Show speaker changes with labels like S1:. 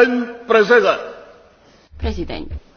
S1: Pan prezident. Prezident.